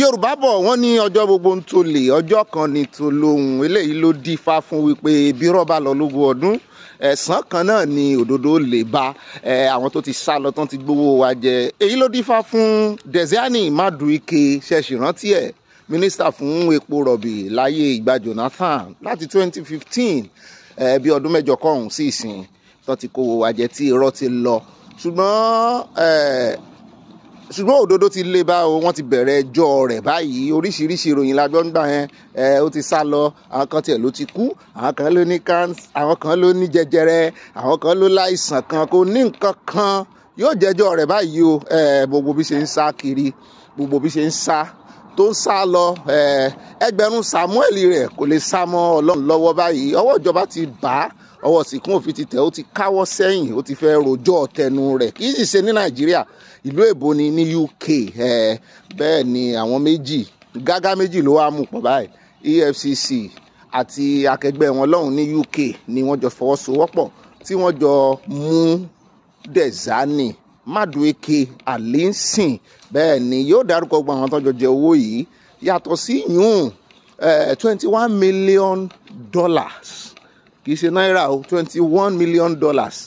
yorùbá bọ̀ wọ́n ní ọjọ́ gbogbo ń tolè ọjọ́ kan ní tolóhùn eléyìí ló dífá fún wípé ibi rọ́bà lọ lógún ọdún ẹ̀sán kan náà ni òdodo lè ba àwọn tó ti sá lọ tán ti gbowó wa jẹ èyí ló dífá fún Desiani Maduike ṣẹ̀ṣì rántí ẹ̀ mínísítà fún epo rọ̀bì láyé ìgbà Jonathan láti 2015 bí ọdún mẹ́jọ kọ́hún sí ìsìn tán ti kówó wa jẹ tí irọ́ ti lọ ṣùgbọ́n ṣùgbọ́n òdodo ti lé bá o wọ́n ti bẹ̀rẹ̀ ẹjọ́ rẹ̀ báyìí oríṣiríṣi ìròyìn la gbọ́ ń gbà yẹn ẹ ó ti sá lọ àwọn kan tiẹ̀ ló ti kú àwọn kan ló ní kánsì àwọn kan ló ní jẹjẹrẹ àwọn kan ló láìsàn kan kò ní nǹkan kan yóò jẹ́jọ́ rẹ̀ báyìí o ẹ gbogbo bí ṣe ń sá kiri gbogbo bí ṣe ń sá tó ń sá lọ ẹgbẹ̀rún Samuel rẹ̀ kò lè sá mọ́ Ọlọ́run lọ́wọ́ báyìí ọwọ́ ìjọba ti bá a ọwọ́ sìnkún òfin ti tẹ̀ ó ti káwọ́ sẹ́yìn ó ti fẹ́ rojọ́ tẹnu rẹ̀ kì í sì ṣe ní Nàìjíríà ìlú èbó ni ní UK bẹ́ẹ̀ ni àwọn méjì gágá méjì ló wá mú pọ̀ báyìí EFCC àti akẹgbẹ́ wọn lọ́hùn ní UK ni wọ́n jọ fọwọ́sowọ́pọ̀ tí wọ́n jọ mú Dẹ̀zánì Madueke Allyson bẹ́ẹ̀ ni yóò dárúkọ gbogbo àwọn tọ́jọ jẹ owó yìí yàtọ̀ sí yùn eh, twenty one million dollars kì í ṣe náírà o twenty one million dollars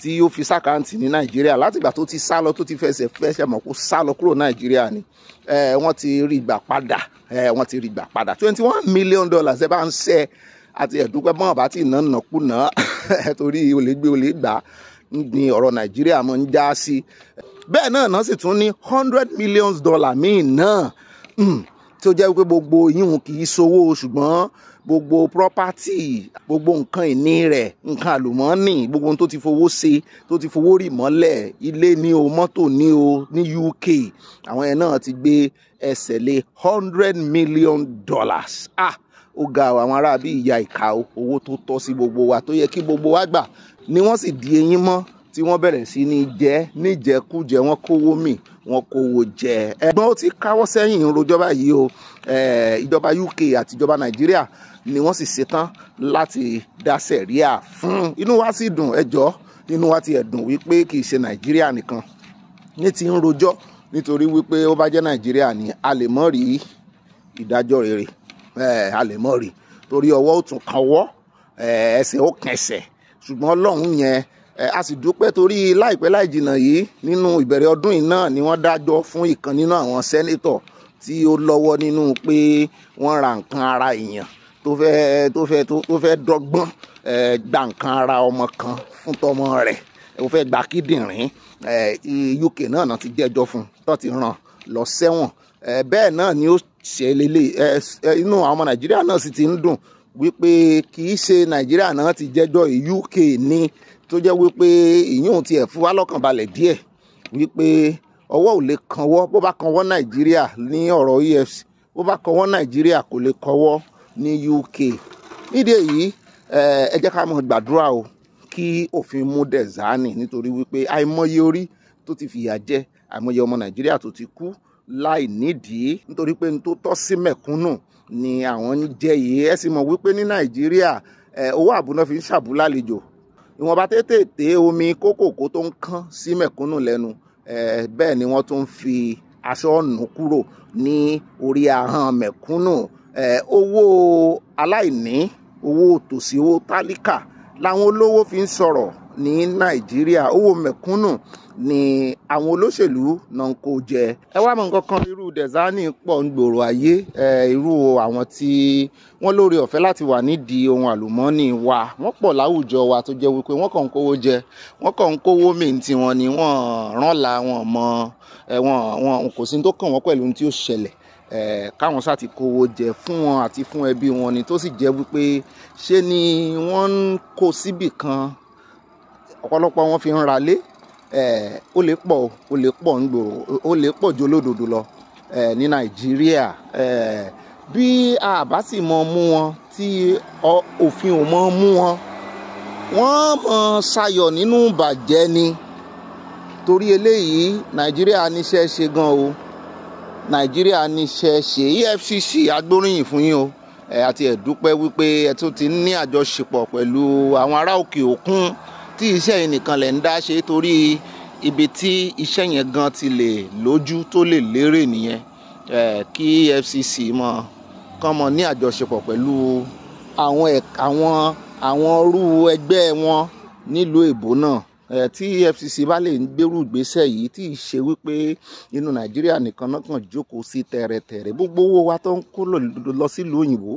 tí ó fi sákàǹtì ní nàìjíríà látìgbà tó ti sá lọ tó ti fẹsẹ̀ fẹsẹ̀ mọ̀ kó sá lọ kúrò nàìjíríà ni eh, wọ́n ti rí gbà padà eh, wọ́n ti rí gbà padà twenty one million dollars ẹ bá ń ṣe àti ẹ̀dúpẹ́ bọ́n bá ti ná nàkúnà torí olè gbé olè gbà ní ọ̀rọ̀ nàìjíríà mọ̀ ń já sí bẹ́ẹ̀ náà náà sì tún ní hundred millions dollar míì náà hmm, tó jẹ́ pé gbogbo yíhun kì í sowó ṣùgbọ́n gbogbo property gbogbo nǹkan ìní rẹ̀ nǹkan àlùmọ́ọ́nì gbogbo ohun tó ti fowó ṣe tó ti fowó rì mọ́lẹ̀ ilé ní o mọ́tò ní o ní UK àwọn yẹn náà ti gbé ẹsẹ̀ lé hundred million dollars. ah ó ga ọ àwọn aráabí ìyá ìka owó tó tọ́ sí gbogbo wa tó yẹ kí gbogbo wa gbà ni wọ́n sì di eyín mọ́ tí wọ́n bẹ̀rẹ̀ sí ní jẹ níjẹkújẹ wọ́n kówó mì wọ́n kówó jẹ ẹ̀gbọ́n ó ti káwọ́ sẹ́yìn rojọba yìí o ìjọba UK àti Nàìjíríà ni wọ́n sì ṣetán láti dá sẹ̀ríà fún inú wa sì dùn ẹjọ́ inú wa ti ẹ̀dùn wípé kì í ṣe Nàìjíríà nìkan ní ti ń rojọ́ nítorí wípé ó bá jẹ́ Nàìjíríà ni a lè mọ̀ rí ìdájọ́ rere Eh, a lè mọ̀ rí torí ọwọ́ ó tún kan ọwọ́ eh, ẹsẹ̀ ó kan ẹsẹ̀ ṣùgbọ́n ọlọ́run yẹn eh, a sì dúpẹ́ torí láìpẹ́ láì jìnnà yìí nínú ìbẹ̀rẹ̀ ọdún yìí náà ni wọ́n dájọ́ fún ìkan nínú àwọn sẹ́nítọ̀ tí ó lọ́wọ́ nínú pé wọ́n ra nǹkan ara èèyàn tó fẹ́ tó fẹ́ tó fẹ́ dọ́gbọ́n gba nǹkan ara ọmọ kan fún tọmọ rẹ̀ ó fẹ́ gba kíndìnrín UK náà náà ti jẹ́jọ́ fún tó ti ràn lọ sẹ́wọ̀n bẹ́ẹ̀ náà ni ó ṣe lélẹ̀ inú àwọn nàìjíríà náà sì ti ń dùn wípé kì í ṣe nàìjíríà náà ti jẹjọ UK ní tó jẹ́ wípé ti tiẹ̀ fún wa lọ́kànbalẹ̀ díẹ̀ wípé ọwọ́ ò lè kanwọ́ bó bá kanwọ́ nàìjíríà ní ọ̀rọ̀ EFC. bó bá kanwọ́ nàìjíríà kò lè kanwọ́ ní UK nídìí èyí ẹ jẹ́ ká mọ̀ gbàdúrà o kí òfin mú dẹ̀ zánì nítorí wípé àìmọye orí tó ti fìyà jẹ àìmọye ọmọ nàìjíríà tó ti kú láì nídìí nítorí pé n tó tọ́ sí mẹ̀kúnnù ni àwọn ń jẹ yìí ẹ sì mọ̀ wípé ní nàìjíríà owó àbúná fi ń ṣàbúlálejò ìwọ̀nba tètè omi kókòkó tó ń kán sí mẹ̀kúnnù lẹ́nu bẹ́ẹ̀ ni wọ́n tún fi aṣọ ọ̀nù kúrò ní orí ahọ́n mẹ̀kúnnù owó aláìní owó tòsí tálíkà làwọn olówó fi ń sọ̀rọ̀ ní nàìjíríà owó mẹ̀kúnnù ni àwọn olóṣèlú náà ń kó jẹ ẹ wá mọ nǹkan kan irú Dezani pọ̀ ń gbòòrò ayé irú àwọn tí wọ́n lórí ọ̀fẹ́ láti wà nídìí ohun àlùmọ́ọ́nì wa wọ́n pọ̀ láwùjọ wa tó jẹ́ wípé wọ́n kàn ń kówó jẹ wọ́n kàn ń kówó mèǹtì wọn ni wọ́n rán la wọn mọ wọn wọn kò sí tó kàn wọ́n pẹ̀lú ohun tí ó ṣẹlẹ̀ káwọn sá ti kówó jẹ fún wọn àti fún ẹbí wọn ni tó sì jẹ́ wípé ṣe ni wọ́n ń kó síbì kan ọ̀pọ̀lọpọ̀ wọn fi ń ra lé ó lè pọ̀ ó lè pọ̀ ń gbòòrò ó lè pọ̀ ju olódodo lọ ní nàìjíríà bí a bá sì mọ mú wọn tí òfin ò mọ mú wọn wọ́n mọ ṣayọ̀ nínú ìbàjẹ́ ni torí eléyìí nàìjíríà níṣẹ́ ṣe gan o nàìjíríà níṣẹ́ ṣe EFCC agbóríyìn fún yín o àti ẹ̀dúpẹ́ wípé ẹ tún ti ní àjọṣepọ̀ pẹ̀lú àwọn ará òkè òkun tí iṣẹ́ yìí nìkan lẹ̀ ń dá ṣe torí ibi tí iṣẹ́ yẹn gan ti lè lójú tó lè lérè nìyẹn kí FCC mọ kán mọ ní àjọṣepọ̀ pẹ̀lú àwọn àwọn àwọn rú ẹgbẹ́ wọn nílùú èbó náà tí EFCC bá lè ń gbérú ìgbésẹ̀ yìí tí ì ṣe wípé inú Nàìjíríà nìkan náà kàn jókòó sí tẹ̀rẹ̀tẹ̀rẹ̀ gbogbo owó wa tó ń kó lọ sílùú òyìnbó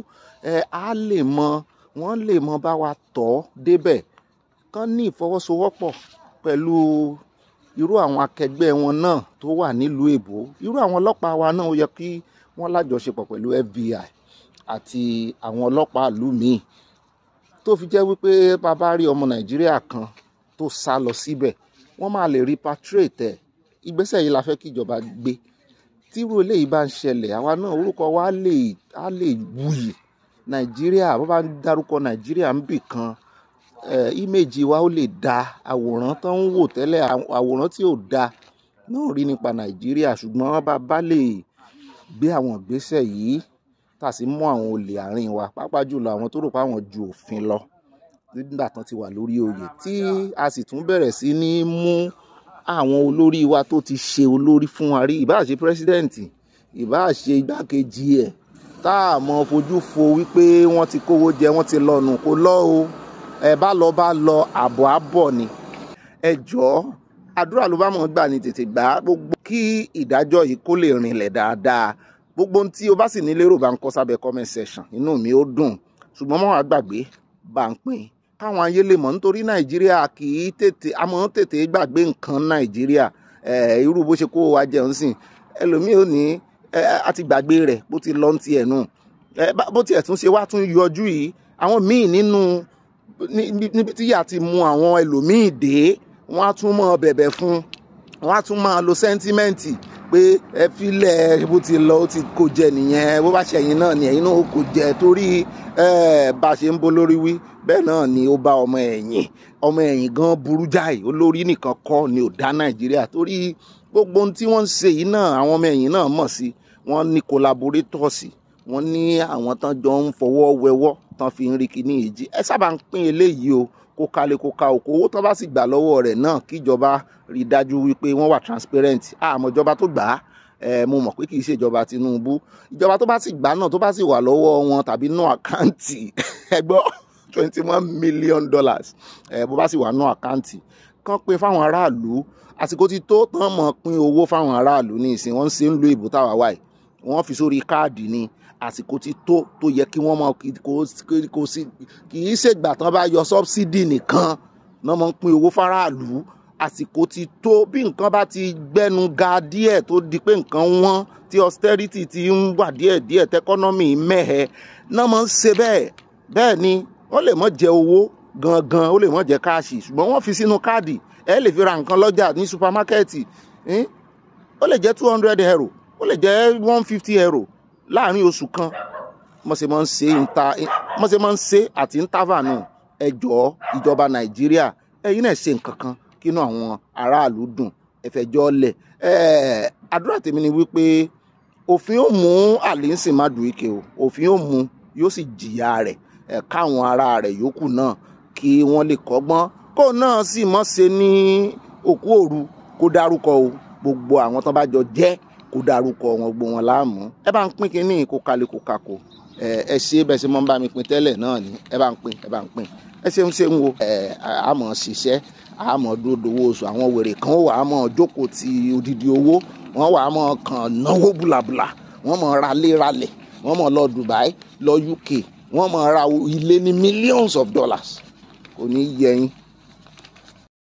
á lè mọ wọ́n lè mọ bá wa tọ́ débẹ̀ kán ní ìfọwọ́sowọ́pọ̀ pẹ̀lú irú àwọn akẹgbẹ́ wọn náà tó wà nílùú èbó irú àwọn ọlọ́pàá wa náà ó yẹ kí wọ́n lájọṣepọ̀ pẹ̀lú FBI àti àwọn ọlọ́pàá ìlú míì tó fi jẹ́ wípé bàbá rí ọmọ Nàìjíríà kan tó sá lọ síbẹ̀ wọ́n máa lè repatriate ẹ̀ ìgbésẹ̀ yìí la fẹ́ kí ìjọba gbé tírú eléyìí bá ń ṣẹlẹ̀ àwa náà orúkọ wa á lè wuyì Nàìjíríà bó bá ń darúkọ Nàìjíríà ń bì kan íméèjì wa ó lè da àwòrán tó ń wò tẹ́lẹ̀ àwòrán tí ò da náà rí nípa nàìjíríà ṣùgbọ́n bàbá lè gbé àwọn ìgbésẹ̀ yìí tà sí mú àwọn olè àárín wa pàápàá jùlọ àwọn tó rò pé àwọn ju òfin lọ nígbà tán ti wà lórí oyè tí a sì tún bẹ̀rẹ̀ sí ní mú àwọn olórí wa tó ti ṣe olórí fún wa rí ìbáà ṣe pírẹsidẹ́ǹtì ìbáà ṣe igbákejì ẹ̀ tá a mọ̀ fojú fo wípé wọ́n ti kówó jẹ wọ́n ti lọ́nu kó lọ́ o ẹ bá lọ bá lọ àbọ̀ àbọ̀ ni ẹ jọ̀ọ́ àdúrà ló bá mọ̀ gbà ní tètè gbà gbogbo kí ìdájọ́ yìí kó lè rinlẹ̀ dáadáa gbogbo ohun tí o bá sì ní lérò bá ń kọ sábẹ́ comment section inú mi ó dùn ṣùgbọ́n mọ́ wàá gbàgbé bá ń pín káwọn ayé lè mọ̀ nítorí nàìjíríà kì í tètè àmọ́ tètè gbàgbé nǹkan nàìjíríà irú bó ṣe kó wa jẹun sìn ẹlòmíì ò ní àti gbàgbé rẹ̀ bó ti lọ́ntì ẹ̀ nù bó tiẹ̀ tún ṣe wá tún yọjú yìí àwọn míì nínú níbi tí yà ti mú àwọn ẹlòmíì dé wọ́n á tún máa bẹ̀bẹ̀ fún wọ́n á tún máa lo sẹ́ńtímẹ́ǹtì pé ẹ filẹ̀ bó ti lọ ó ti kó jẹ nìyẹn bó bá ṣẹ̀yìn náà ni ẹ̀yin náà ó kó jẹ torí bá a ṣe ń bó lórí wí bẹ́ẹ̀ náà ni ó bá ọmọ ẹ̀yìn ọmọ ẹ̀yìn gan burú jáì olórí nìkan kọ́ ni ò dá nàìjíríà torí gbogbo ohun tí wọ́n ń ṣe yìí náà àwọn ọmọ ẹ̀yìn náà mọ̀ sí wọ́n ní collaborators sí wọ́n ní àwọn tán jọ ń fọwọ́ wẹwọ́ tán fi ń rí kíní yìí jí ẹ sábà ń pín eléyìí o kó kalẹ̀ kó ka òkò owó tán bá sì gbà lọ́wọ́ rẹ̀ náà kíjọba rí dájú wípé wọ́n wà transparent àmọ́ ìjọba tó gbà á mo mọ̀ pé kì í ṣe ìjọba Tinubu ìjọba tó bá sì gbà náà tó bá sì wà lọ́wọ́ wọn tàbí náà àkáǹtì ẹgbọ́ twenty one million dollars bó bá sì wà náà àkáǹtì kán pín fáwọn aráàlú àsìkò ti tó tán mọ̀ pín owó fáwọn aráàlú ní ìsìn wọ́n ń ṣe ń lo ìbò táwa wáyìí wọ́n fi sórí káàdì ni àsìkò ti tó tó yẹ kí wọ́n máa kó sí kì í ṣègbà tán bá yọ sọ́bsidì nìkan náà máa ń pín owó faraàlú àsìkò ti tó bí nǹkan bá ti gbẹ́nu ga díẹ̀ tó di pé nǹkan wọ́n tí austerity ti ń wà díẹ̀ díẹ̀ tẹ́kọ́nọ́mì mẹ́hẹ náà máa ń ṣe bẹ́ẹ̀ bẹ́ẹ̀ ni wọ́n lè má jẹ owó gangan ó lè má jẹ káàṣì ṣùgbọ́n wọ́n fi sínú káàdì ẹ lè fi ra nǹkan lọ́jà ní supamákẹ́ẹ̀tì hm? ó lè jẹ́ two hundred euro ó lè jẹ́ one fifty euro láàrin oṣù kan mo ṣe mo ṣe máa ń ṣe àti ntavanu ẹ ìjọba nàìjíríà ẹ̀yin náà ṣe nǹkan kan kínú àwọn aráàlú dùn ẹfẹjọ lẹ àdúrà tèmi ni wípé òfin ó mú àlínsìn má dùn ike o òfin ó mú yóò sì jìyà rẹ̀ káwọn ará rẹ̀ yòókù náà kí wọ́n lè kọ́gbọ́n kó náà sì mọ̀ ṣe ní òkú òru kó dárúkọ o gbogbo àwọn tó bá jọ jẹ́ kó dárúkọ wọn gbogbo wọn láàmú ẹ bá ń pín kínní kó kalẹ̀ kó kakò ẹ ṣe bẹ́ẹ̀ ṣe mọ́ ń bá mi pín tẹ́lẹ̀ náà ni ẹ bá ń pín ẹ bá ń pín ẹ ṣeun ṣeun o ẹ àmọ́ ṣiṣẹ́ àmọ́ dúró oṣù àwọn wèrè kan wà á mọ̀ jókòó ti odidi owó wọ́n wà á mọ̀ kàn náwó bùlàbùlà wọ́n mọ̀ raléralẹ̀ wọ́n mọ̀ lọ Dubai lọ UK wọ́n mọ̀ ra ilé ní millions of dollars kò ní yẹyin